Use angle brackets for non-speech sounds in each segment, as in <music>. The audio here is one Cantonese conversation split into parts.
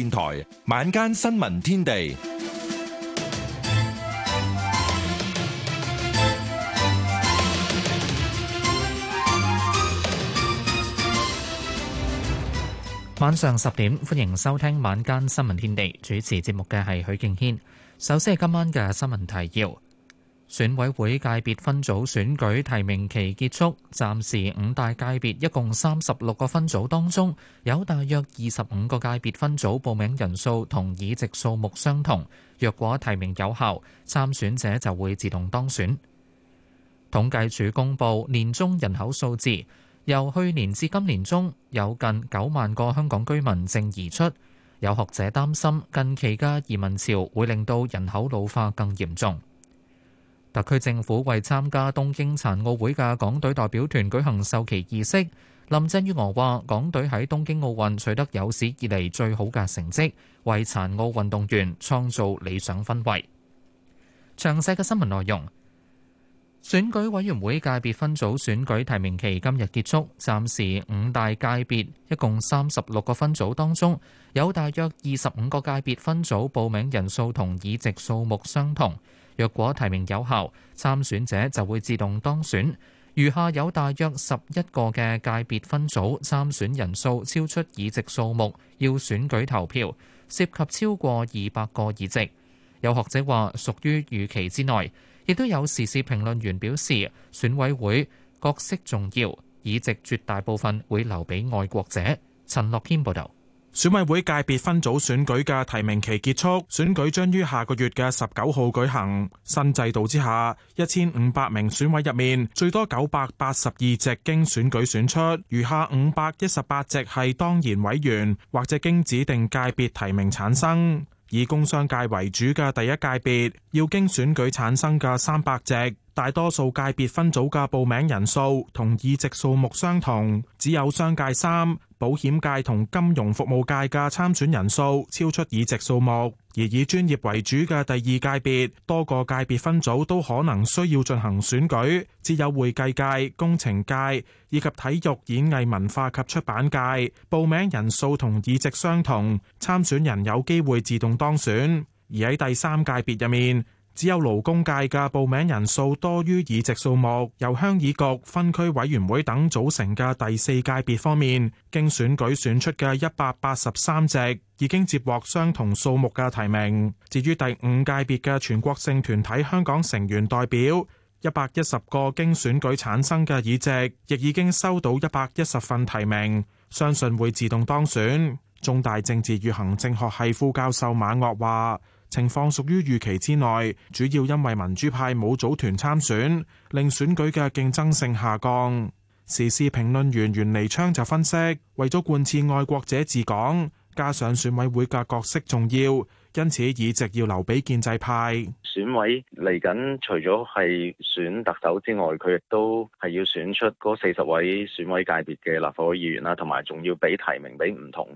電台晚間新聞天地，晚上十點，歡迎收聽晚間新聞天地。主持節目嘅係許敬軒。首先係今晚嘅新聞提要。選委會界別分組選舉提名期結束，暫時五大界別一共三十六個分組當中，有大約二十五個界別分組報名人數同議席數目相同。若果提名有效，參選者就會自動當選。統計處公布年中人口數字，由去年至今年中有近九萬個香港居民淨移出。有學者擔心近期嘅移民潮會令到人口老化更嚴重。特區政府為參加東京殘奧會嘅港隊代表團舉行授旗儀式。林鄭月娥話：港隊喺東京奧運取得有史以嚟，最好嘅成績，為殘奧運動員創造理想氛圍。詳細嘅新聞內容，選舉委員會界別分組選舉提名期今日結束，暫時五大界別一共三十六個分組當中，有大約二十五個界別分組報名人數同議席數目相同。若果提名有效，參選者就會自動當選。餘下有大約十一個嘅界別分組，參選人數超出議席數目，要選舉投票，涉及超過二百個議席。有學者話屬於預期之內，亦都有時事評論員表示，選委會角色重要，議席絕大部分會留俾愛國者。陳樂謙報道。選委會界別分組選舉嘅提名期結束，選舉將於下個月嘅十九號舉行。新制度之下，一千五百名選委入面，最多九百八十二席經選舉選出，餘下五百一十八席係當然委員或者經指定界別提名產生。以工商界為主嘅第一界別，要經選舉產生嘅三百席。大多數界別分組嘅報名人數同議席數目相同，只有商界三、保險界同金融服務界嘅參選人數超出議席數目。而以專業為主嘅第二界別，多個界別分組都可能需要進行選舉，只有會計界、工程界以及體育演藝文化及出版界報名人數同議席相同，參選人有機會自動當選。而喺第三界別入面。只有勞工界嘅報名人數多於議席數目，由鄉議局、分區委員會等組成嘅第四界別方面，經選舉選出嘅一百八十三席，已經接獲相同數目嘅提名。至於第五界別嘅全國性團體香港成員代表一百一十個經選舉產生嘅議席，亦已經收到一百一十份提名，相信會自動當選。中大政治與行政學系副教授馬岳話，情況屬於預期之內，主要因為民主派冇組團參選，令選舉嘅競爭性下降。時事評論員袁彌昌就分析，為咗貫徹愛國者治港，加上選委會嘅角色重要，因此議席要留俾建制派。選委嚟緊，除咗係選特首之外，佢亦都係要選出嗰四十位選委界別嘅立法會議員啦，同埋仲要俾提名俾唔同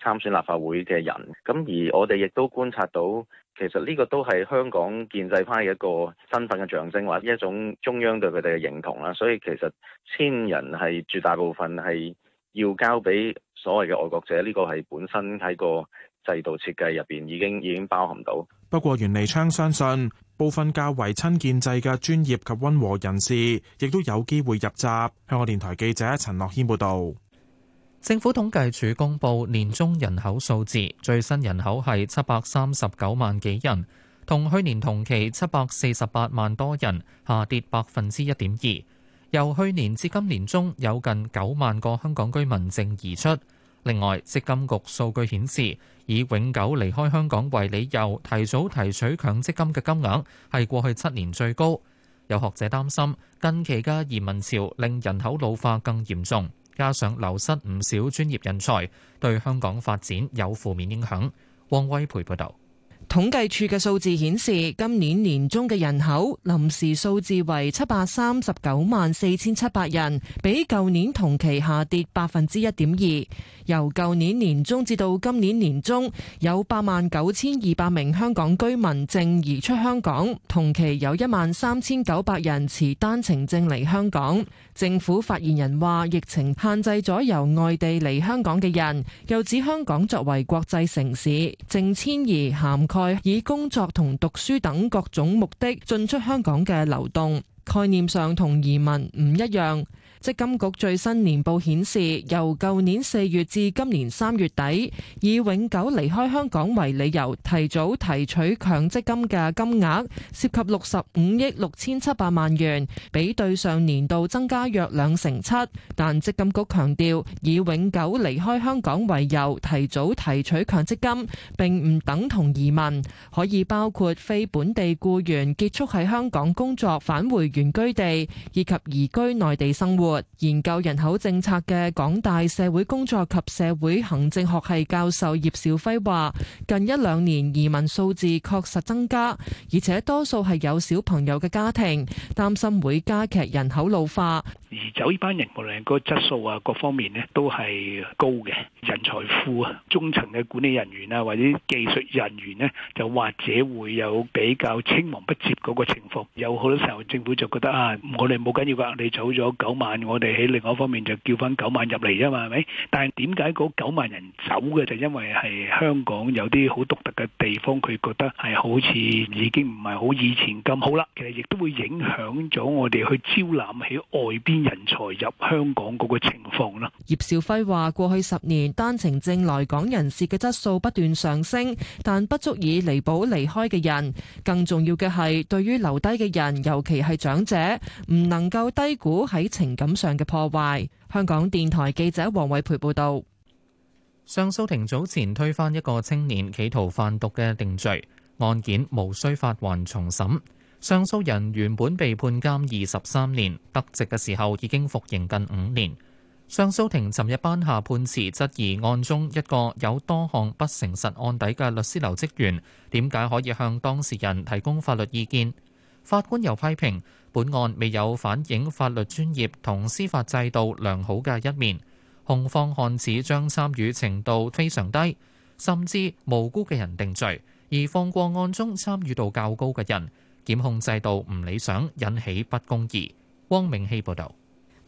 參選立法會嘅人，咁而我哋亦都觀察到，其實呢個都係香港建制派嘅一個身份嘅象徵，或者一種中央對佢哋嘅認同啦。所以其實千人係絕大部分係要交俾所謂嘅愛國者，呢、這個係本身喺個制度設計入邊已經已經包含到。不過袁利昌相信，部分較為親建制嘅專業及溫和人士，亦都有機會入閘。香港電台記者陳樂軒報導。政府統計處公布年中人口數字，最新人口係七百三十九萬幾人，同去年同期七百四十八萬多人下跌百分之一點二。由去年至今年中有近九萬個香港居民淨移出。另外，積金局數據顯示，以永久離開香港為理由提早提取強積金嘅金額係過去七年最高。有學者擔心近期嘅移民潮令人口老化更嚴重。加上流失唔少專業人才，對香港發展有負面影響。汪威培報導。統計處嘅數字顯示，今年年中嘅人口臨時數字為七百三十九萬四千七百人，比舊年同期下跌百分之一點二。由舊年年中至到今年年中，有八萬九千二百名香港居民正移出香港，同期有一萬三千九百人持單程證嚟香港。政府發言人話：疫情限制咗由外地嚟香港嘅人，又指香港作為國際城市，正遷移涵蓋以工作同讀書等各種目的進出香港嘅流動。概念上同移民唔一樣。積金局最新年報顯示，由舊年四月至今年三月底，以永久離開香港為理由提早提取強積金嘅金額涉及六十五億六千七百萬元，比對上年度增加約兩成七。但積金局強調，以永久離開香港為由提早提取強積金，並唔等同移民，可以包括非本地僱員結束喺香港工作返回原居地，以及移居內地生活。研究人口政策嘅港大社會工作及社會行政學系教授葉兆輝話，近一兩年移民數字確實增加，而且多數係有小朋友嘅家庭，擔心會加劇人口老化。而走呢班人無論個質素啊，各方面咧都係高嘅，人才庫、啊中層嘅管理人員啊，或者技術人員咧，就或者會有比較青黃不接嗰個情況。有好多時候政府就覺得啊，我哋冇緊要噶你走咗九萬。我哋喺另外一方面就叫翻九萬入嚟啫嘛，係咪？但係點解嗰九萬人走嘅就因為係香港有啲好獨特嘅地方，佢覺得係好似已經唔係好以前咁好啦。其實亦都會影響咗我哋去招攬喺外邊人才入香港嗰個情況啦。葉兆輝話：過去十年單程證來港人士嘅質素不斷上升，但不足以彌補離開嘅人。更重要嘅係，對於留低嘅人，尤其係長者，唔能夠低估喺情感上嘅破壞。香港電台記者黃偉培報道。上訴庭早前推翻一個青年企圖販毒嘅定罪案件，無需發還重審。上訴人原本被判監二十三年，得直嘅時候已經服刑近五年。上訴庭尋日頒下判詞，質疑案中一個有多項不誠實案底嘅律師樓職員，點解可以向當事人提供法律意見？法官又批評。本案未有反映法律專業同司法制度良好嘅一面，控方看似將參與程度非常低，甚至無辜嘅人定罪，而放過案中參與度較高嘅人，檢控制度唔理想，引起不公義。汪明熙報道。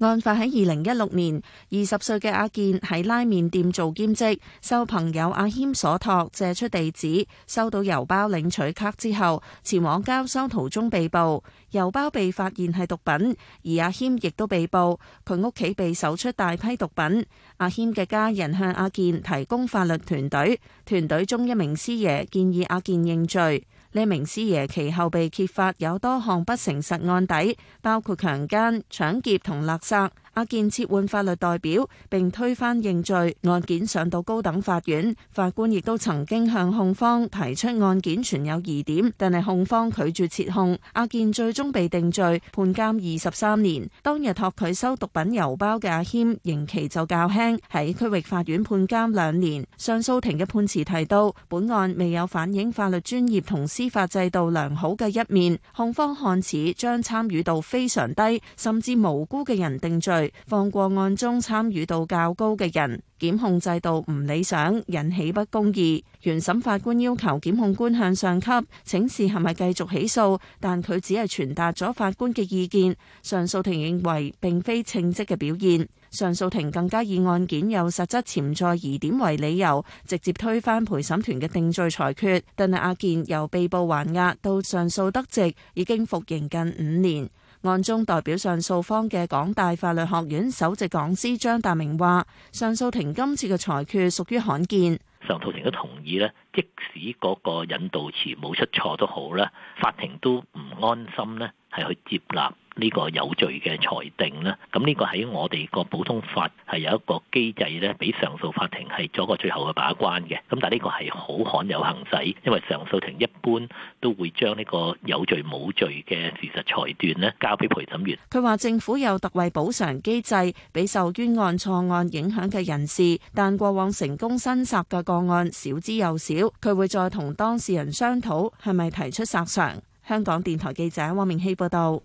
案發喺二零一六年，二十歲嘅阿健喺拉麵店做兼職，受朋友阿謙所託借出地址，收到郵包領取卡之後，前往交收途中被捕。郵包被發現係毒品，而阿謙亦都被捕，佢屋企被搜出大批毒品。阿謙嘅家人向阿健提供法律團隊，團隊中一名師爺建議阿健認罪。呢名師爺其後被揭發有多項不誠實案底，包括強奸、搶劫同勒殺。阿健撤換法律代表，并推翻認罪，案件上到高等法院。法官亦都曾經向控方提出案件存有疑點，但係控方拒絕撤控。阿健最終被定罪，判監二十三年。當日託佢收毒品郵包嘅阿謙，刑期就較輕，喺區域法院判監兩年。上訴庭嘅判詞提到，本案未有反映法律專業同司法制度良好嘅一面。控方看似將參與度非常低，甚至無辜嘅人定罪。放過案中參與度較高嘅人，檢控制度唔理想，引起不公義。原審法官要求檢控官向上級請示係咪繼續起訴，但佢只係傳達咗法官嘅意見。上訴庭認為並非稱職嘅表現。上訴庭更加以案件有實質潛在疑點為理由，直接推翻陪審團嘅定罪裁決。但係阿健由被捕還押到上訴得直，已經服刑近五年。案中代表上訴方嘅港大法律學院首席講師張達明話，上訴庭今次嘅裁決屬於罕見，上訴庭都同意咧，即使嗰個引導詞冇出錯都好啦，法庭都唔安心咧，係去接納。呢個有罪嘅裁定咧，咁、這、呢個喺我哋個普通法係有一個機制咧，俾上訴法庭係做個最後嘅把關嘅。咁但係呢個係好罕有行使，因為上訴庭一般都會將呢個有罪冇罪嘅事實裁斷咧，交俾陪審員。佢話政府有特惠補償機制俾受冤案錯案影響嘅人士，但過往成功申索嘅個案少之又少。佢會再同當事人商討係咪提出索償。香港電台記者汪明希報道。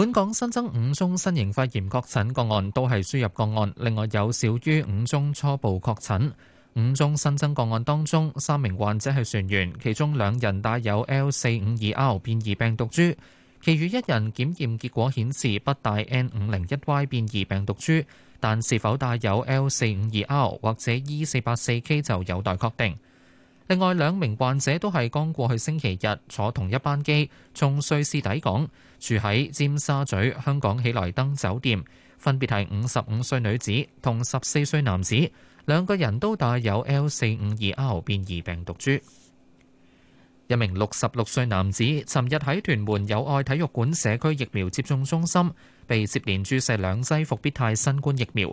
本港新增五宗新型肺炎確診個案，都係輸入個案。另外有少於五宗初步確診，五宗新增個案當中，三名患者係船員，其中兩人帶有 L 四五二 R 變異病毒株，其餘一人檢驗結果顯示不帶 N 五零一 Y 變異病毒株，但是否帶有 L 四五二 R 或者 E 四八四 K 就有待確定。另外兩名患者都係剛過去星期日坐同一班機從瑞士抵港，住喺尖沙咀香港喜來登酒店，分別係五十五歲女子同十四歲男子，兩個人都帶有 L 四五二 R 變異病毒株。一名六十六歲男子尋日喺屯門友愛體育館社區疫苗接種中心被接連注射兩劑復必泰新冠疫苗。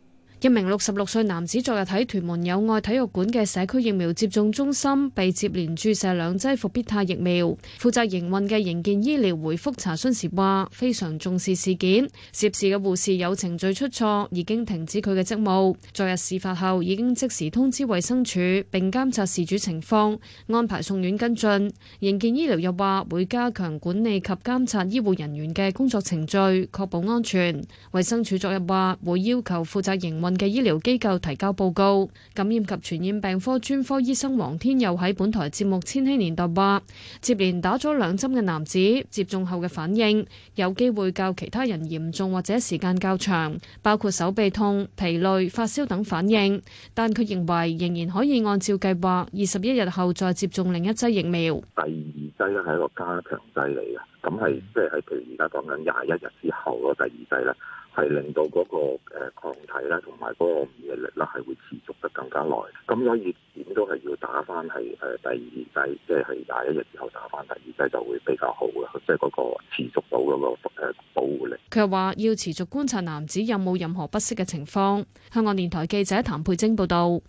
一名六十六歲男子昨日喺屯門友愛體育館嘅社區疫苗接種中心被接連注射兩劑復必泰疫苗。負責營運嘅盈健醫療回覆查詢時話：非常重視事件，涉事嘅護士有程序出錯，已經停止佢嘅職務。昨日事發後已經即時通知衛生署並監察事主情況，安排送院跟進。盈健醫療又話會加強管理及監察醫護人員嘅工作程序，確保安全。衛生署昨日話會要求負責營運嘅醫療機構提交報告。感染及傳染病科專科醫生黃天佑喺本台節目《千禧年代》話，接連打咗兩針嘅男子接種後嘅反應有機會較其他人嚴重或者時間較長，包括手臂痛、疲累、發燒等反應，但佢認為仍然可以按照計劃二十一日後再接種另一劑疫苗。第二劑咧係一個加強劑嚟嘅，咁係即係譬如而家講緊廿一日之後嗰，第二劑咧。係令到嗰個抗體啦，同埋嗰個免疫力啦，係會持續得更加耐。咁所以點都係要打翻係誒第二劑，即係喺廿一日之後打翻第二劑就會比較好嘅，即係嗰個持續到嗰個保護力。佢又話要持續觀察男子有冇任何不適嘅情況。香港電台記者譚佩晶報道。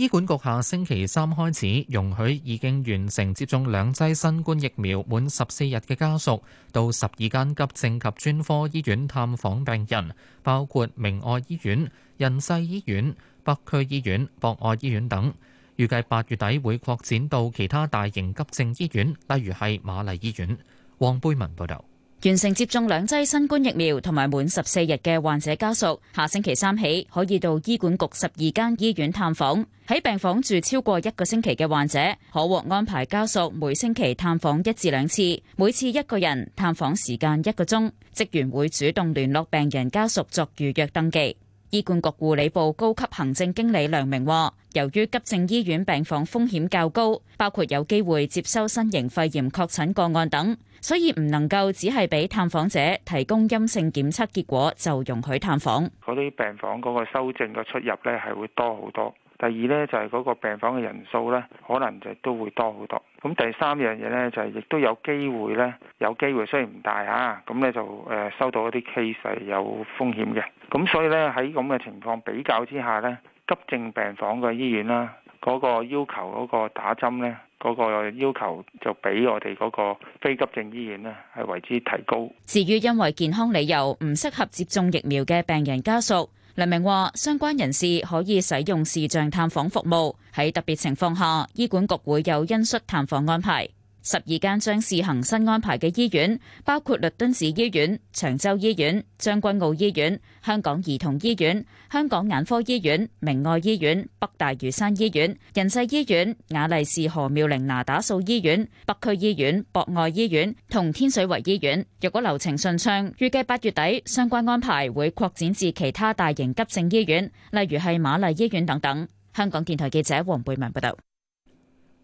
醫管局下星期三開始容許已經完成接種兩劑新冠疫苗滿十四日嘅家屬到十二間急症及專科醫院探訪病人，包括明愛醫院、仁濟醫院、北區醫院、博愛醫院等。預計八月底會擴展到其他大型急症醫院，例如係瑪麗醫院。黃貝文報道。完成接種兩劑新冠疫苗同埋滿十四日嘅患者家屬，下星期三起可以到醫管局十二間醫院探訪。喺病房住超過一個星期嘅患者，可獲安排家屬每星期探訪一至兩次，每次一個人，探訪時間一個鐘。職員會主動聯絡病人家屬作預約登記。醫管局護理部高級行政經理梁明話，由於急症醫院病房風險較高，包括有機會接收新型肺炎確診個案等。所以唔能夠只係俾探訪者提供陰性檢測結果就容許探訪。嗰啲病房嗰個修正嘅出入咧係會多好多。第二咧就係嗰個病房嘅人數咧可能就都會多好多。咁第三樣嘢咧就係、是、亦都有機會咧有機會，雖然唔大嚇，咁咧就誒收到一啲 case 有風險嘅。咁所以咧喺咁嘅情況比較之下咧，急症病房嘅醫院啦，嗰個要求嗰個打針咧。嗰個要求就比我哋嗰個非急症醫院咧，係為之提高。至於因為健康理由唔適合接種疫苗嘅病人家屬，梁明話相關人士可以使用視像探訪服務。喺特別情況下，醫管局會有恩恤探訪安排。十二間將試行新安排嘅醫院，包括律敦治醫院、長洲醫院、將軍澳醫院、香港兒童醫院、香港眼科醫院、明愛醫院、北大嶼山醫院、仁濟醫院、雅麗氏何妙齡那打素醫院、北區醫院、博愛醫院同天水圍醫院。若果流程順暢，預計八月底相關安排會擴展至其他大型急症醫院，例如係瑪麗醫院等等。香港電台記者黃貝文報道。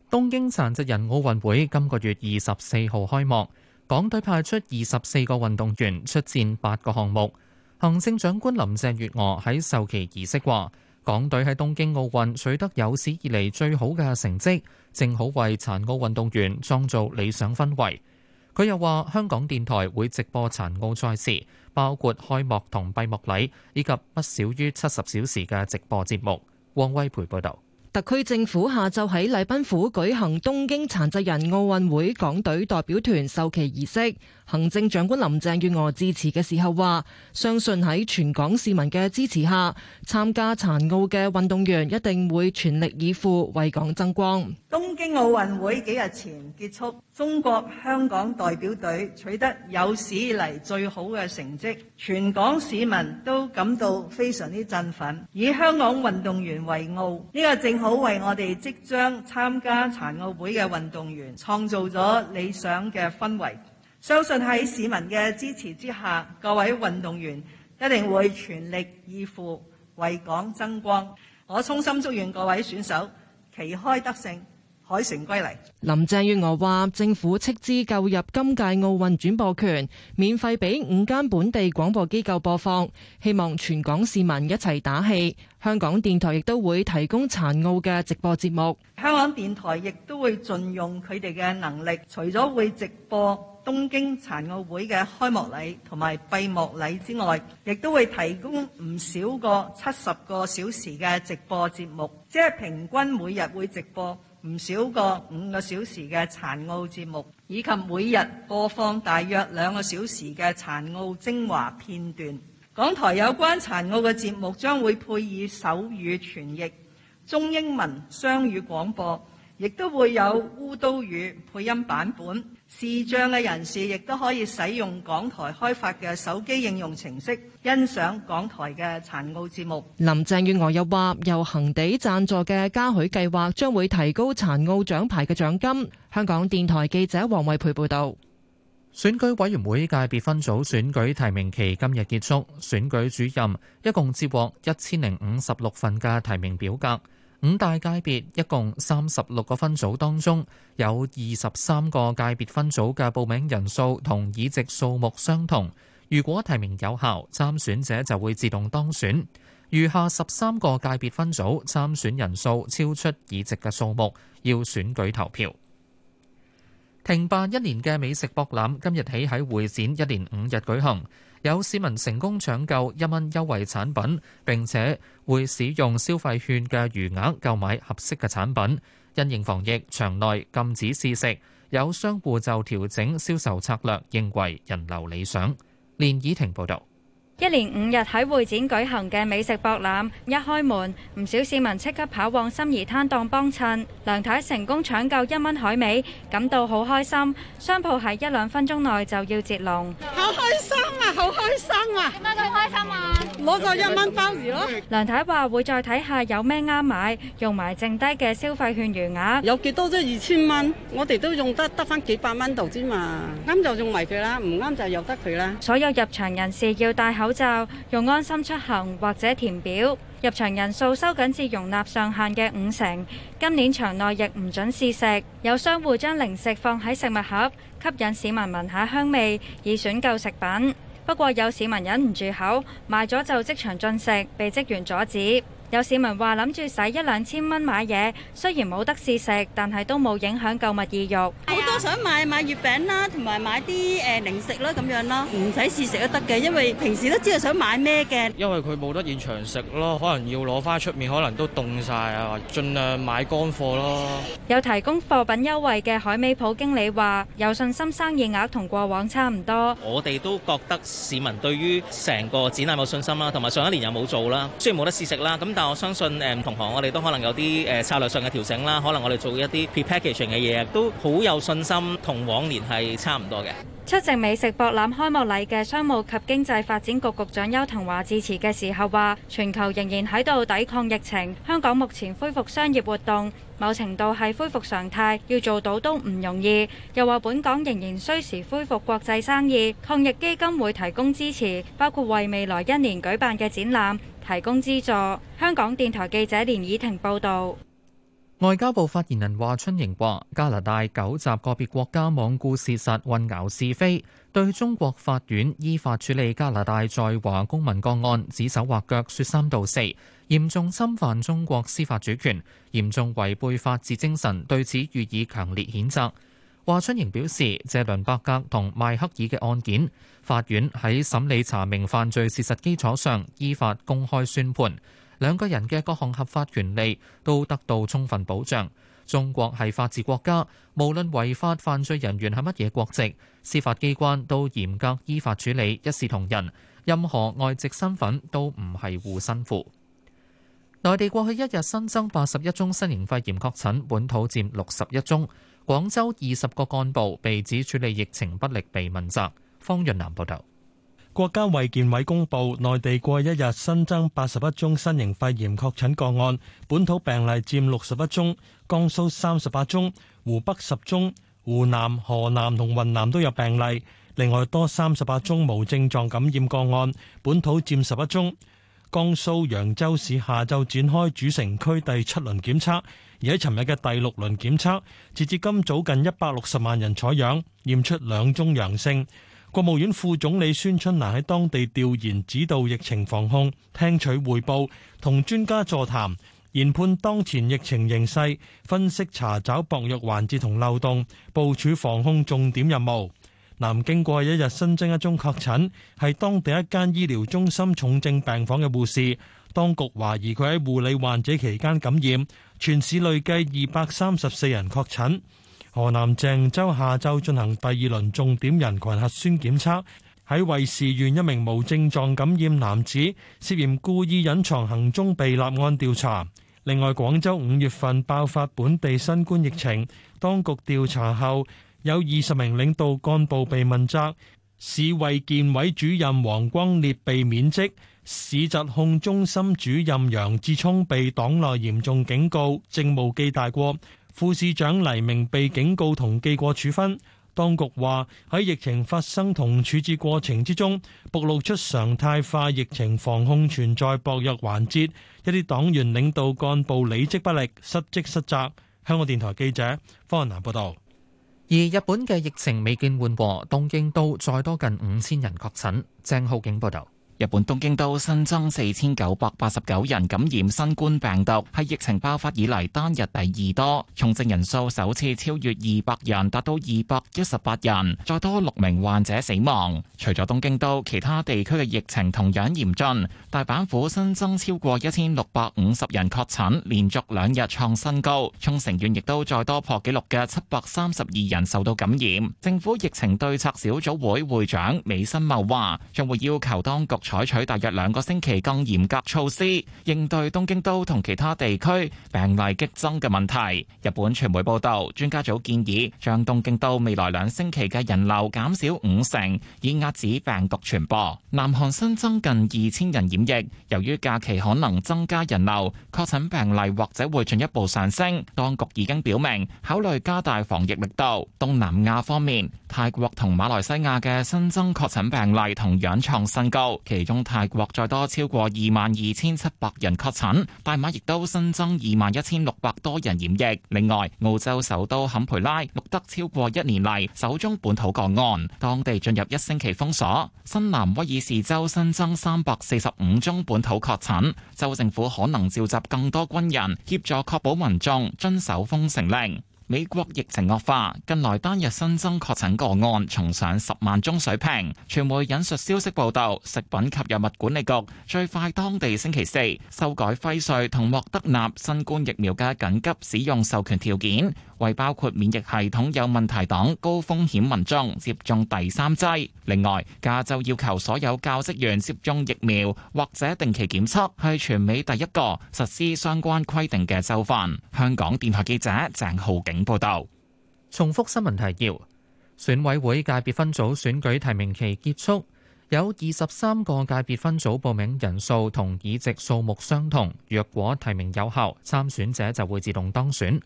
東京殘疾人奧運會今個月二十四號開幕，港隊派出二十四個運動員出戰八個項目。行政長官林鄭月娥喺授旗儀式話：港隊喺東京奧運取得有史以嚟最好嘅成績，正好為殘奧運動員創造理想氛圍。佢又話，香港電台會直播殘奧賽事，包括開幕同閉幕禮，以及不少於七十小時嘅直播節目。汪威培報道。特區政府下晝喺禮賓府舉行東京殘疾人奧運會港隊代表團授旗儀式，行政長官林鄭月娥致辭嘅時候話，相信喺全港市民嘅支持下，參加殘奧嘅運動員一定會全力以赴，為港爭光。東京奧運會幾日前結束，中國香港代表隊取得有史以嚟最好嘅成績，全港市民都感到非常之振奮，以香港運動員為傲。呢個正好，為我哋即將參加殘奧會嘅運動員創造咗理想嘅氛圍，相信喺市民嘅支持之下，各位運動員一定會全力以赴，為港爭光。我衷心祝願各位選手旗開得勝。海城歸嚟，林鄭月娥話：政府斥資購入今屆奧運轉播權，免費俾五間本地廣播機構播放，希望全港市民一齊打氣。香港電台亦都會提供殘奧嘅直播節目。香港電台亦都會盡用佢哋嘅能力，除咗會直播東京殘奧會嘅開幕禮同埋閉幕禮之外，亦都會提供唔少過七十個小時嘅直播節目，即係平均每日會直播唔少過五個小時嘅殘奧節目，以及每日播放大約兩個小時嘅殘奧精華片段。港台有關殘奧嘅節目將會配以手語傳譯、中英文雙語廣播，亦都會有烏都語配音版本。視障嘅人士亦都可以使用港台開發嘅手機應用程式欣賞港台嘅殘奧節目。林鄭月娥又話：由恒地贊助嘅嘉許計劃將會提高殘奧獎牌嘅獎金。香港電台記者黃惠佩報道：「選舉委員會界別分組選舉提名期今日結束，選舉主任一共接獲一千零五十六份嘅提名表格。五大界別一共三十六個分組當中，有二十三個界別分組嘅報名人數同議席數目相同。如果提名有效，參選者就會自動當選。餘下十三個界別分組參選人數超出議席嘅數目，要選舉投票。停辦一年嘅美食博覽今日起喺會展一連五日舉行。有市民成功搶購一蚊優惠產品，並且會使用消費券嘅餘額購買合適嘅產品。因應防疫，場內禁止試食，有商戶就調整銷售策略，認為人流理想。連綺婷報道。一連五日喺會展舉行嘅美食博覽，一開門，唔少市民即刻跑往心儀攤檔幫襯。梁太成功搶購一蚊海味，感到好開心。商鋪喺一兩分鐘內就要截龍，好開心啊！好開心啊！點解咁開心啊？攞個一蚊鮑魚咯。梁太話會再睇下有咩啱買，用埋剩低嘅消費券餘額。有幾多啫？二千蚊，我哋都用得得翻幾百蚊度啫嘛。啱就用埋佢啦，唔啱就由得佢啦。所有入場人士要戴好口罩用安心出行或者填表。入場人數收緊至容納上限嘅五成。今年場內亦唔准試食，有商戶將零食放喺食物盒，吸引市民聞下香味，以選購食品。不過有市民忍唔住口買咗就即場進食，被職員阻止。有市民話諗住使一兩千蚊買嘢，雖然冇得試食，但係都冇影響購物意欲。好多想買買月餅啦，同埋買啲誒零食啦咁樣咯，唔使試食都得嘅，因為平時都知道想買咩嘅。因為佢冇得現場食咯，可能要攞翻出面，可能都凍晒啊，盡量買乾貨咯。有提供貨品優惠嘅海味鋪經理話，有信心生意額同過往差唔多。我哋都覺得市民對於成個展覽有信心啦，同埋上一年又冇做啦，雖然冇得試食啦，咁但。我相信誒、呃、同行，我哋都可能有啲誒、呃、策略上嘅調整啦，可能我哋做一啲 prepackaging 嘅嘢，都好有信心，同往年係差唔多嘅。出席美食博覽開幕禮嘅商務及經濟發展局局長邱騰華致辭嘅時候話，全球仍然喺度抵抗疫情，香港目前恢復商業活動，某程度係恢復常態，要做到都唔容易。又話本港仍然需時恢復國際生意，抗疫基金會提供支持，包括為未來一年舉辦嘅展覽提供資助。香港電台記者連以婷報道。外交部發言人華春瑩話：加拿大糾集個別國家罔顧事實、混淆是非，對中國法院依法處理加拿大在華公民個案指手畫腳、說三道四，嚴重侵犯中國司法主權，嚴重違背法治精神，對此予以強烈譴責。華春瑩表示：謝倫伯格同邁克爾嘅案件，法院喺審理查明犯罪事實基礎上，依法公開宣判。兩個人嘅各項合法權利都得到充分保障。中國係法治國家，無論違法犯罪人員係乜嘢國籍，司法機關都嚴格依法處理，一視同仁。任何外籍身份都唔係護身符。內地過去一日新增八十一宗新型肺炎確診，本土佔六十一宗。廣州二十個幹部被指處理疫情不力被問責。方潤南報道。國家衛健委公布，內地過一日新增八十一宗新型肺炎確診個案，本土病例佔六十一宗，江蘇三十八宗，湖北十宗、湖南、河南同雲南都有病例。另外多三十八宗無症狀感染個案，本土佔十一宗。江蘇揚州市下晝展開主城區第七輪檢測，而喺尋日嘅第六輪檢測，截至今早近一百六十萬人採樣，驗出兩宗陽性。國務院副總理孫春蘭喺當地調研指導疫情防控，聽取匯報，同專家座談，研判當前疫情形勢，分析查找薄弱環節同漏洞，部署防控重點任務。南京過去一日新增一宗確診，係當地一間醫療中心重症病房嘅護士，當局懷疑佢喺護理患者期間感染。全市累計二百三十四人確診。河南鄭州下晝進行第二輪重點人群核酸檢測，喺尉氏縣一名無症狀感染男子涉嫌故意隱藏行蹤被立案調查。另外，廣州五月份爆發本地新冠疫情，當局調查後有二十名領導幹部被問責，市衛健委主任黃光烈被免職，市疾控中心主任楊智聰被黨內嚴重警告，政務記大過。副市長黎明被警告同記過處分，當局話喺疫情發生同處置過程之中，暴露出常態化疫情防控存在薄弱環節，一啲黨員領導幹部履職不力、失職失責。香港電台記者方雲南報道。而日本嘅疫情未見緩和，東京都再多近五千人確診。鄭浩景報道。日本東京都新增四千九百八十九人感染新冠病毒，係疫情爆發以嚟單日第二多，重症人數首次超越二百人，達到二百一十八人，再多六名患者死亡。除咗東京都，其他地區嘅疫情同樣嚴峻。大阪府新增超過一千六百五十人確診，連續兩日創新高。沖繩縣亦都再多破紀錄嘅七百三十二人受到感染。政府疫情對策小組會會長美新茂話：將會要求當局，採取大約兩個星期更嚴格措施，應對東京都同其他地區病例激增嘅問題。日本傳媒報道專家組建議將東京都未來兩星期嘅人流減少五成，以壓止病毒傳播。南韓新增近二千人染疫，由於假期可能增加人流，確診病例或者會進一步上升。當局已經表明考慮加大防疫力度。東南亞方面。泰國同馬來西亞嘅新增確診病例同樣創新高，其中泰國再多超過二萬二千七百人確診，大馬亦都新增二萬一千六百多人染疫。另外，澳洲首都坎培拉錄得超過一年嚟首宗本土個案，當地進入一星期封鎖。新南威爾士州新增三百四十五宗本土確診，州政府可能召集更多軍人協助確保民眾遵守封城令。美國疫情惡化，近來單日新增確診個案重上十萬宗水平。傳媒引述消息報道，食品及藥物管理局最快當地星期四修改輝瑞同莫德納新冠疫苗嘅緊急使用授權條件，為包括免疫系統有問題等高風險民眾接種第三劑。另外，加州要求所有教職員接種疫苗或者定期檢測，係全美第一個實施相關規定嘅州份。香港電台記者鄭浩景報道，重複新聞提要：選委會界別分組選舉提名期結束，有二十三個界別分組報名人數同議席數目相同，若果提名有效，參選者就會自動當選。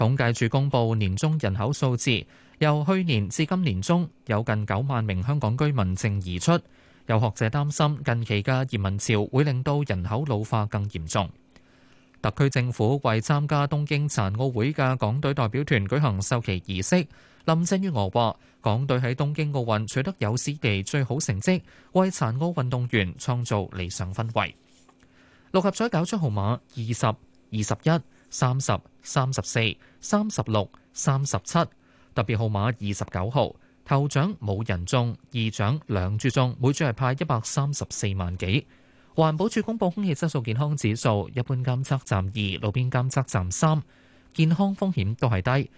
統計處公布年中人口數字，由去年至今年中有近九萬名香港居民淨移出。有學者擔心近期嘅移民潮會令到人口老化更嚴重。特區政府為參加東京殘奧會嘅港隊代表團舉行授旗儀式，林鄭月娥話：港隊喺東京奧運取得有史地最好成績，為殘奧運動員創造理想氛圍。六合彩攪出號碼二十二十一三十三十四。20, 21, 30, 34, 三十六、三十七，特別號碼二十九號。頭獎冇人中，二獎兩注中，每注係派一百三十四萬幾。環保署公布空氣質素健康指數，一般監測站二，路邊監測站三，健康風險都係低。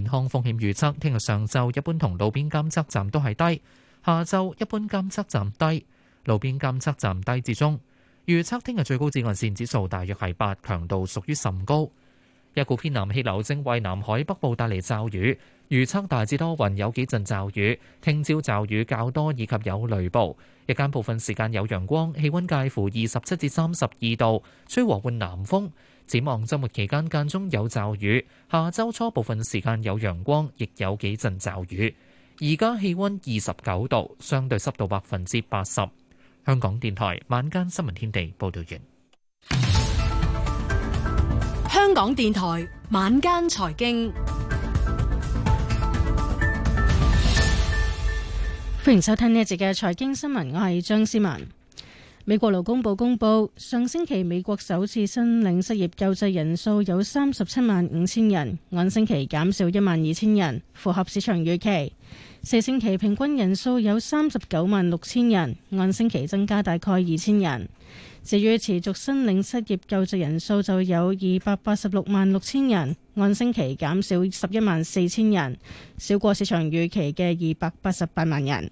健康風險預測，聽日上晝一般同路邊監測站都係低，下晝一般監測站低，路邊監測站低至中。預測聽日最高紫外線指數大約係八，強度屬於甚高。一股偏南氣流正為南海北部帶嚟驟雨，預測大致多雲，有幾陣驟雨。聽朝驟雨較多，以及有雷暴。日間部分時間有陽光，氣温介乎二十七至三十二度，吹和緩南風。展望週末期間間中有驟雨，下周初部分時間有陽光，亦有幾陣驟雨。而家氣温二十九度，相對濕度百分之八十。香港電台晚間新聞天地報導完。香港電台晚間財經，歡迎收聽呢一節嘅財經新聞，我係張思文。美國勞工部公佈，上星期美國首次申領失業救濟人數有三十七萬五千人，按星期減少一萬二千人，符合市場預期。四星期平均人數有三十九萬六千人，按星期增加大概二千人。至於持續申領失業救濟人數就有二百八十六萬六千人，按星期減少十一萬四千人，少過市場預期嘅二百八十八萬人。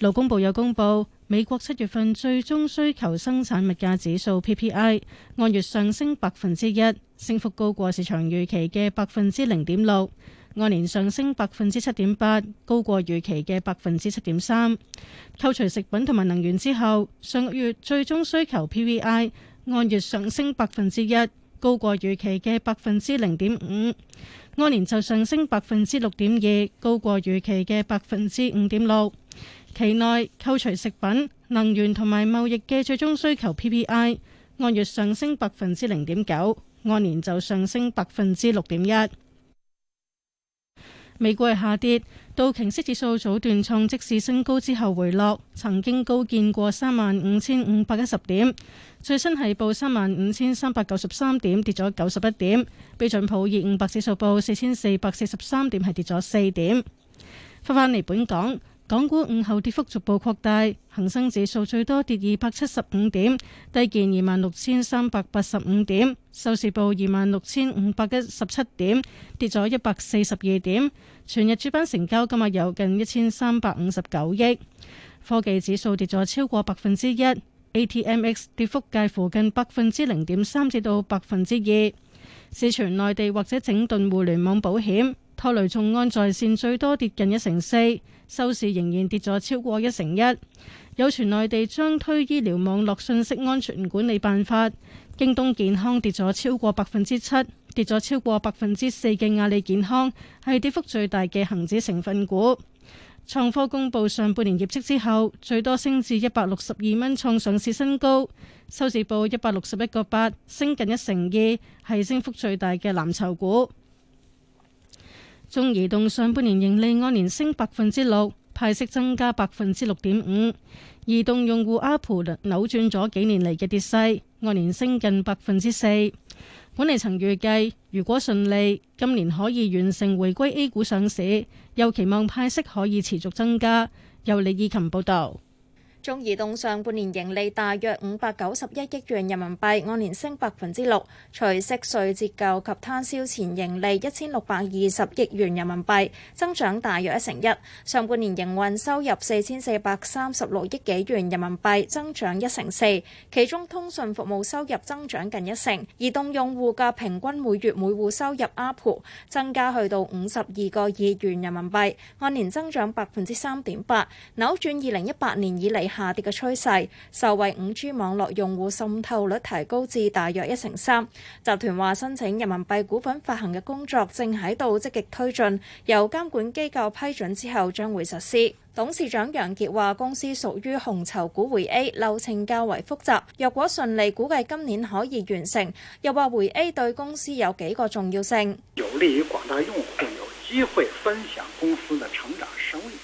勞工部又公布，美國七月份最終需求生產物價指數 PPI 按月上升百分之一，升幅高過市場預期嘅百分之零點六。按年上升百分之七點八，高過預期嘅百分之七點三。扣除食品同埋能源之後，上個月最終需求 PPI 按月上升百分之一，高過預期嘅百分之零點五。按年就上升百分之六點二，高過預期嘅百分之五點六。期內扣除食品、能源同埋貿易嘅最終需求 PPI 按月上升百分之零點九，按年就上升百分之六點一。美股係下跌，道瓊斯指數早段創即市新高之後回落，曾經高見過三萬五千五百一十點，最新係報三萬五千三百九十三點，跌咗九十一點。標準普爾五百指數報四千四百四十三點，係跌咗四點。翻返嚟本港。港股午後跌幅逐步擴大，恒生指數最多跌二百七十五點，低見二萬六千三百八十五點，收市報二萬六千五百一十七點，跌咗一百四十二點，全日主板成交金額有近一千三百五十九億，科技指數跌咗超過百分之一，ATMX 跌幅介乎近百分之零點三至到百分之二。市場內地或者整頓互聯網保險。科雷眾安在線最多跌近一成四，收市仍然跌咗超過一成一。有傳內地將推醫療網絡信息安全管理辦法，京東健康跌咗超過百分之七，跌咗超過百分之四嘅阿里健康係跌幅最大嘅恒指成分股。創科公布上半年業績之後，最多升至一百六十二蚊，創上市新高，收市報一百六十一個八，升近一成二，係升幅最大嘅藍籌股。中移動上半年盈利按年升百分之六，派息增加百分之六點五。移動用戶阿蒲扭轉咗幾年嚟嘅跌勢，按年升近百分之四。管理層預計，如果順利，今年可以完成回歸 A 股上市，又期望派息可以持續增加。由李以琴報道。中移動上半年盈利大約五百九十一億元人民幣，按年升百分之六，除息稅折舊及攤銷前盈利一千六百二十億元人民幣，增長大約一成一。上半年營運收入四千四百三十六億幾元人民幣，增長一成四，其中通訊服務收入增長近一成。移動用戶嘅平均每月每戶收入阿普增加去到五十二個二元人民幣，按年增長百分之三點八，扭轉二零一八年以嚟下跌嘅趨勢，受惠五 G 網絡用戶滲透率提高至大約一成三。集團話申請人民幣股份發行嘅工作正喺度積極推進，由監管機構批准之後將會實施。董事長楊傑話：公司屬於紅籌股回 A 流程較為複雜，若果順利，估計今年可以完成。又話回 A 對公司有幾個重要性，有利於廣大用戶有機會分享公司的成長收益。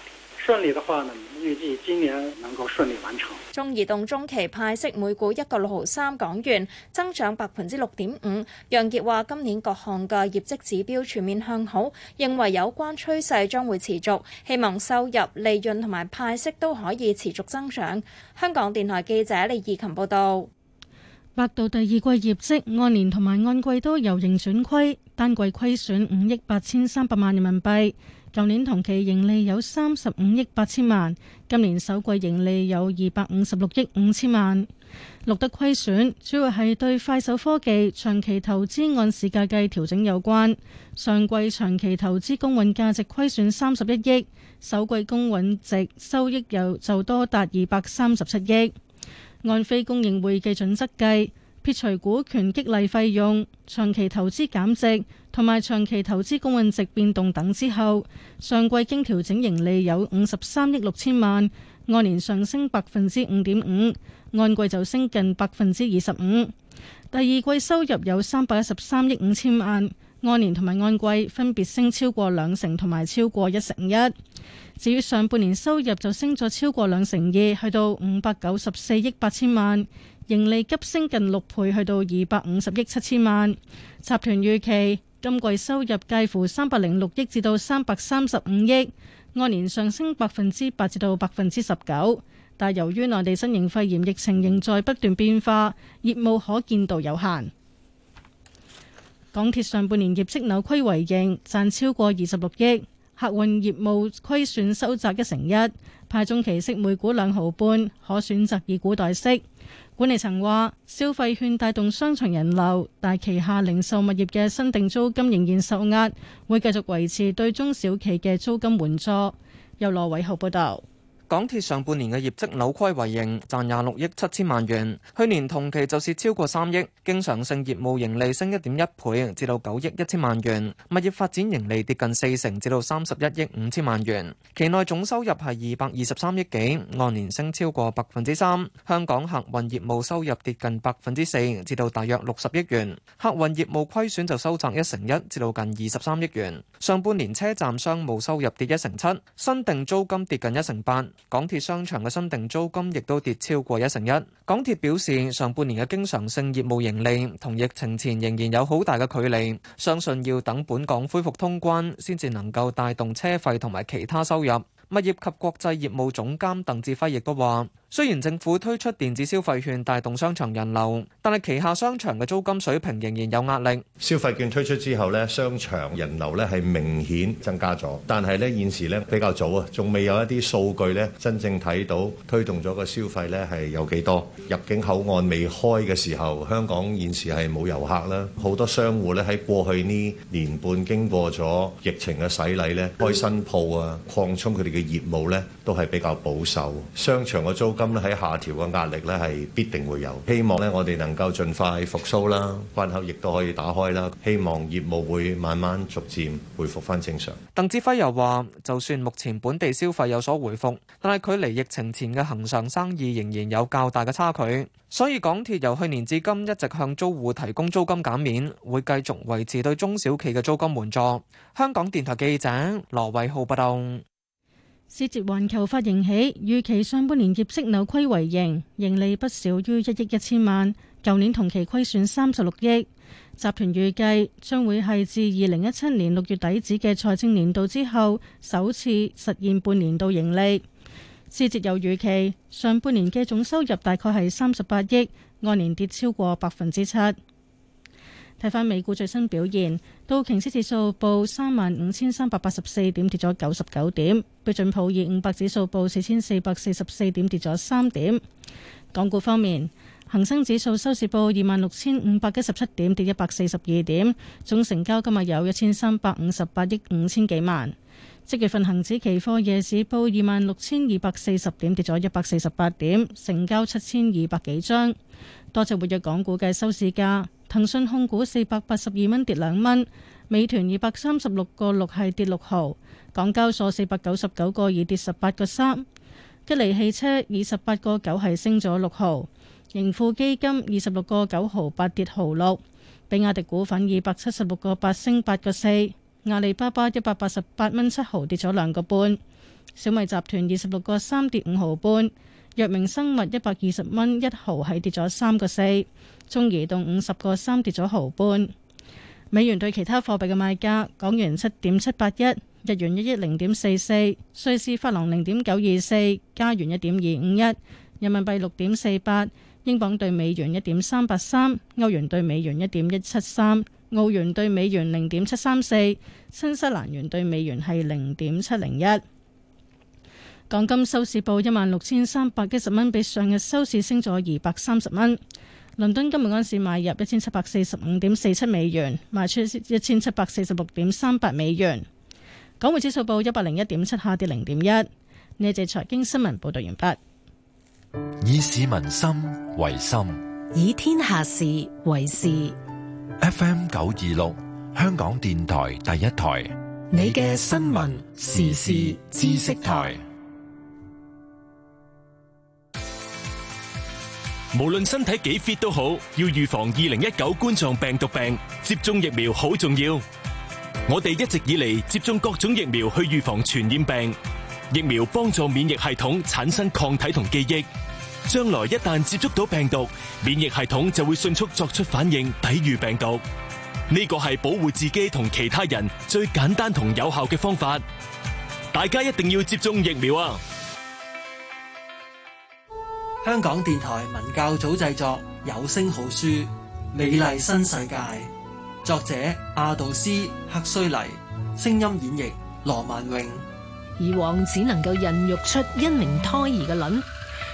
順利的話呢，預計今年能夠順利完成。中移動中期派息每股一個六毫三港元，增長百分之六點五。楊杰話：今年各項嘅業績指標全面向好，認為有關趨勢將會持續，希望收入、利潤同埋派息都可以持續增長。香港電台記者李義琴報道。百度第二季業績按年同埋按季都由盈轉虧，單季虧損五億八千三百萬人民幣。舊年同期盈利有三十五億八千萬，今年首季盈利有二百五十六億五千萬，錄得虧損，主要係對快手科技長期投資按市價計調整有關。上季長期投資公允價值虧損三十一億，首季公允值收益又就多達二百三十七億。按非公認會計準則計，撇除股權激勵費用、長期投資減值。同埋長期投資公允值變動等之後，上季經調整盈利有五十三億六千萬，按年上升百分之五點五，按季就升近百分之二十五。第二季收入有三百一十三億五千萬，按年同埋按季分別升超過兩成同埋超過一成一。至於上半年收入就升咗超過兩成二，去到五百九十四億八千萬，盈利急升近六倍，去到二百五十億七千萬。集團預期，今季收入介乎三百零六億至到三百三十五億，按年上升百分之八至到百分之十九，但由於內地新型肺炎疫情仍在不斷變化，業務可見度有限。港鐵上半年業績扭虧為盈，賺超過二十六億。客運業務虧損收窄一成一，派中期息每股兩毫半，可選擇以股代息。管理層話，消費券帶動商場人流，但旗下零售物業嘅新定租金仍然受壓，會繼續維持對中小企嘅租金援助。由羅偉浩報道。港鐵上半年嘅業績扭虧為盈，賺廿六億七千萬元，去年同期就蝕超過三億。經常性業務盈利升一點一倍，至到九億一千萬元。物業發展盈利跌近四成，至到三十一億五千萬元。期內總收入係二百二十三億幾，按年升超過百分之三。香港客運業務收入跌近百分之四，至到大約六十億元。客運業務虧損就收窄一成一，至到近二十三億元。上半年車站商務收入跌一成七，新定租金跌近一成八。港鐵商場嘅新訂租金亦都跌超過一成一。港鐵表示，上半年嘅經常性業務盈利同疫情前仍然有好大嘅距離，相信要等本港恢復通關，先至能夠帶動車費同埋其他收入。物業及國際業務總監鄧志輝亦都話。雖然政府推出電子消費券帶動商場人流，但係旗下商場嘅租金水平仍然有壓力。消費券推出之後咧，商場人流咧係明顯增加咗，但係咧現時咧比較早啊，仲未有一啲數據咧真正睇到推動咗個消費咧係有幾多。入境口岸未開嘅時候，香港現時係冇遊客啦，好多商戶咧喺過去呢年半經過咗疫情嘅洗禮咧，開新鋪啊、擴充佢哋嘅業務咧，都係比較保守。商場嘅租金。咁喺下調嘅壓力咧係必定會有，希望咧我哋能夠盡快復蘇啦，關口亦都可以打開啦，希望業務會慢慢逐漸回復翻正常。鄧志輝又話，就算目前本地消費有所回復，但係距離疫情前嘅恒常生意仍然有較大嘅差距，所以港鐵由去年至今一直向租戶提供租金減免，會繼續維持對中小企嘅租金援助。香港電台記者羅偉浩報道。思捷環球發盈喜，預期上半年業績扭虧為盈，盈利不少於一億一千萬。舊年同期虧損三十六億，集團預計將會係自二零一七年六月底止嘅財政年度之後首次實現半年度盈利。思捷又預期上半年嘅總收入大概係三十八億，按年跌超過百分之七。睇翻美股最新表現，道瓊斯指數報三萬五千三百八十四點，跌咗九十九點；標準普爾五百指數報四千四百四十四點，跌咗三點。港股方面，恒生指數收市報二萬六千五百一十七點，跌一百四十二點。總成交今日有一千三百五十八億五千幾萬。即月份恒指期貨夜市報二萬六千二百四十點，跌咗一百四十八點，成交七千二百幾張。多謝活躍港股嘅收市價。騰訊控股四百八十二蚊，跌兩蚊；美團二百三十六個六係跌六毫；港交所四百九十九個二跌十八個三；吉利汽車二十八個九係升咗六毫；盈富基金二十六個九毫八跌毫六；比亞迪股份二百七十六個八升八個四；阿里巴巴一百八十八蚊七毫跌咗兩個半；小米集團二十六個三跌五毫半；藥明生物一百二十蚊一毫係跌咗三個四。中移動五十個三跌咗毫半，美元對其他貨幣嘅賣價：港元七點七八一，日元一一零點四四，瑞士法郎零點九二四，加元一點二五一，人民幣六點四八，英鎊兌美元一點三八三，歐元兌美元一點一七三，澳元兌美元零點七三四，新西蘭元兌美元係零點七零一。港金收市報一萬六千三百一十蚊，比上日收市升咗二百三十蚊。倫敦金每盎司買入一千七百四十五點四七美元，賣出一千七百四十六點三八美元。港匯指數報一百零一點七，下跌零點一。呢一節財經新聞報道完畢。以市民心為心，以天下事為事。FM 九二六，香港電台第一台，你嘅新聞時事知識台。無論身體幾 fit 都好，要預防二零一九冠狀病毒病，接種疫苗好重要。我哋一直以嚟，接種各種疫苗去預防傳染病。疫苗幫助免疫系統產生抗體同記憶，將來一旦接觸到病毒，免疫系統就會迅速作出反應，抵禦病毒。呢個係保護自己同其他人最簡單同有效嘅方法，大家一定要接種疫苗啊！香港電台文教組製作有聲好書《美麗新世界》，作者阿道斯·赫胥黎，聲音演繹羅曼詠。以往只能夠孕育出一名胎兒嘅卵，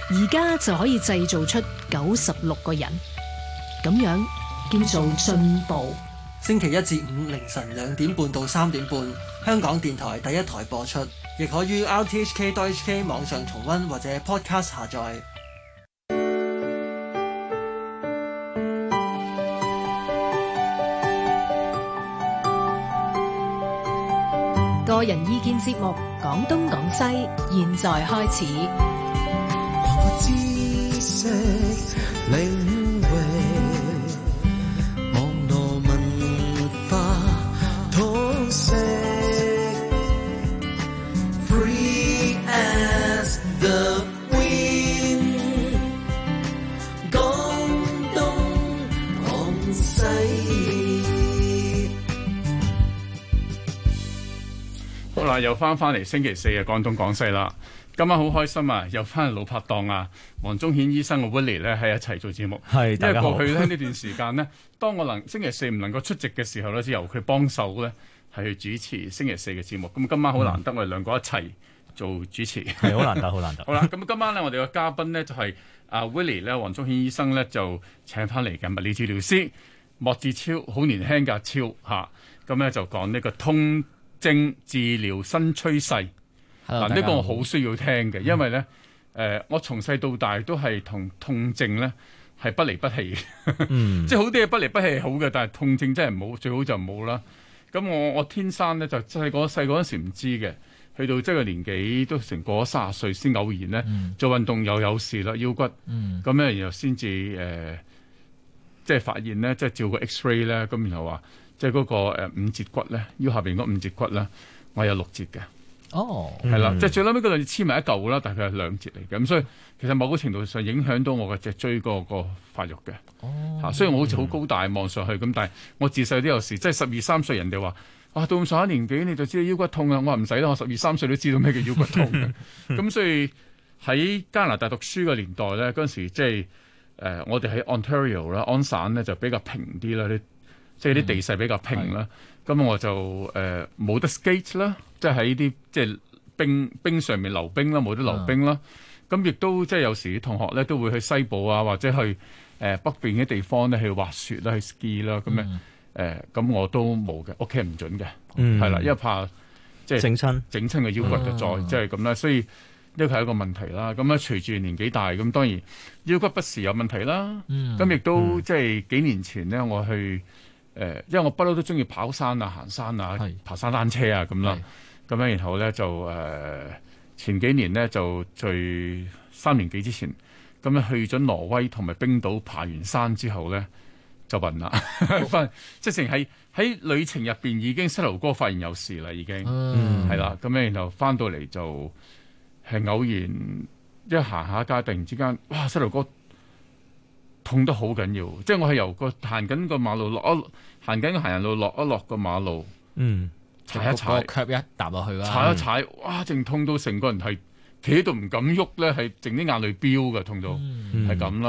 而家就可以製造出九十六個人，咁樣叫做進步。星期一至五凌晨兩點半到三點半，香港電台第一台播出，亦可於 r t h k dot h k 網上重溫或者 podcast 下載。個人意見節目，講東講西，現在開始。 <music> 又翻翻嚟星期四嘅講東講西啦。今晚好開心啊，又翻嚟老拍檔啊，黃忠顯醫生嘅 Willie 咧喺一齊做節目。係是，因為過去咧呢 <laughs> 段時間呢，當我能星期四唔能夠出席嘅時候呢，就由佢幫手咧係去主持星期四嘅節目。咁今晚好難得，我哋兩個一齊做主持，係好、嗯、 <laughs> 難得，好難得。 <laughs> 好啦，咁今晚呢，我哋嘅嘉賓呢就係、是、阿 Willie 咧，黃忠顯醫生呢就請翻嚟嘅物理治療師莫志超，好年輕噶超嚇。咁、啊、咧就講呢個痛症治療新趨勢嗱，呢 Hello, 個我好需要聽嘅，因為咧，誒、呃，我從細到大都係同痛症咧係不離不棄嘅， <laughs> 嗯、即係好啲嘢不離不棄係好嘅，但係痛症真係唔好，最好就唔好啦。咁我我天生咧就細個細個嗰時唔知嘅，去到即係個年紀都成過咗卅歲先偶然咧、嗯、做運動又有，有事啦腰骨，咁咧、嗯、然後先至誒，即係發現咧即係照個 X ray 咧，咁然後話。即係嗰個五節骨咧，腰下邊嗰五節骨咧，我有六節嘅。哦，係啦，即係最撚尾嗰兩節黐埋一嚿啦，大概佢係兩節嚟嘅。咁所以其實某個程度上影響到我嘅脊椎個個發育嘅。哦，嚇，雖然我好似好高大望上去咁，但係我自細都有時，即係十二三歲，人哋話，哇、啊、到咁上下年紀你就知道腰骨痛啊！我話唔使啦，我十二三歲都知道咩叫腰骨痛咁 <laughs> 所以喺加拿大讀書嘅年代咧，嗰陣時即係誒、呃、我哋喺 Ontario 啦，安省咧就比較平啲啦。即係啲地勢比較平啦，咁我就誒冇得 skate 啦，即係喺啲即係冰冰上面溜冰啦，冇得溜冰啦。咁亦都即係有時啲同學咧都會去西部啊，或者去誒北邊嘅地方咧去滑雪啦，去 ski 啦咁樣誒，咁我都冇嘅，屋企唔準嘅，係啦，因為怕即係整親整親個腰骨就再即係咁啦，所以呢個係一個問題啦。咁啊隨住年紀大，咁當然腰骨不時有問題啦。咁亦都即係幾年前咧，我去。誒，因為我不嬲都中意跑山啊、行山啊、是爬山單車啊咁啦，咁樣是然後咧就誒、呃，前幾年咧就最三年幾之前，咁樣去咗挪威同埋冰島爬完山之後咧就暈啦，暈、哦， <laughs> 即係喺喺旅程入邊已經膝頭哥發現有事啦，已經，係啦、嗯，咁樣然後翻到嚟就係偶然一行下街，突然之間哇，膝頭哥～痛得好緊要，即係我係由個行緊個馬路落一，行緊個行人路落一落個馬路，嗯，踩一踩，一踏落去啦，踩一踩，踏一踏哇！正痛到成個人係企喺度唔敢喐咧，係淨啲眼淚飆嘅痛到，係咁啦。